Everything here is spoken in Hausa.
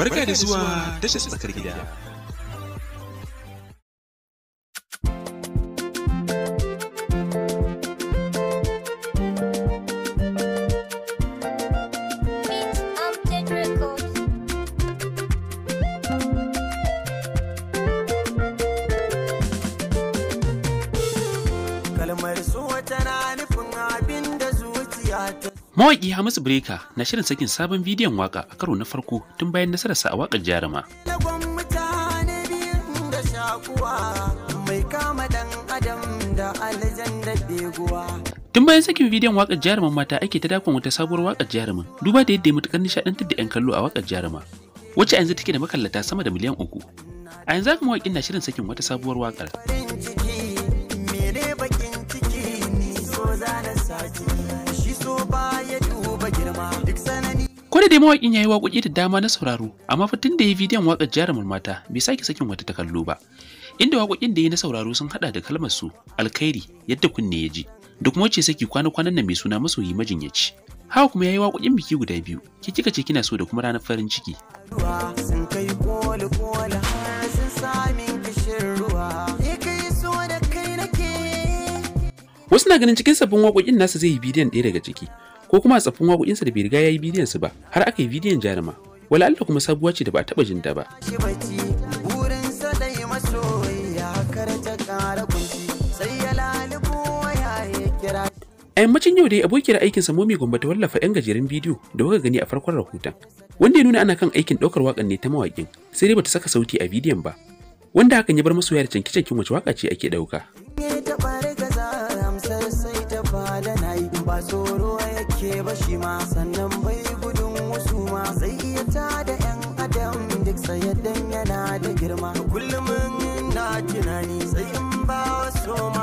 Barka da zuwa tashar tsakar gida. Kalmar su wata rana Mawaƙi Hamisu Breka na shirin sakin sabon bidiyon waka a karo na farko tun bayan nasararsa a waƙar jaruma. Tun bayan sakin bidiyon waƙar jaruman mata ake ta dakon wata sabuwar waƙar jaruman duba da yadda ya nishaɗantar da 'yan kallo a waƙar jaruma wacce yanzu take da makallata sama da miliyan uku. A yanzu haka mawaƙin na shirin sakin wata sabuwar waƙar. Ko da dai mawaƙin ya yi waƙoƙi da dama na sauraro, amma fa tun da ya yi bidiyon waƙar jarumar mata bai sake sakin wata ta ba. Inda waƙoƙin da ya na sauraro sun haɗa da kalmar su alkhairi yadda kunne ya ji, da kuma wacce saki kwana-kwanan nan mai suna masoyi majinyaci. Hawa kuma ya yi waƙoƙin biki guda biyu, ki kika ce kina so da kuma ranar farin ciki. Wasu na ganin cikin sabbin waƙoƙin nasa zai yi bidiyon ɗaya daga ciki, ko kuma a tsaffin waƙoƙinsa da bai riga ya yi bidiyon ba har aka yi bidiyon jaruma wala Allah kuma sabuwa ce da ba a taɓa jin da ba. A yammacin yau dai abokiyar aikin sa Momi gwamba ta wallafa 'yan gajeren bidiyo da waka gani a farkon rahoton. Wanda ya nuna ana kan aikin ɗaukar waƙan ne ta mawaƙin, sai dai bata saka sauti a bidiyon ba. Wanda hakan ya bar masoya da canke canke wace waƙa ce ake ɗauka. Ba ke ba shi ma sannan bai gudun wasu ma zai iya ta da yan adam duk sayadan yana da girma kullum na tunani sai in ba wasu ma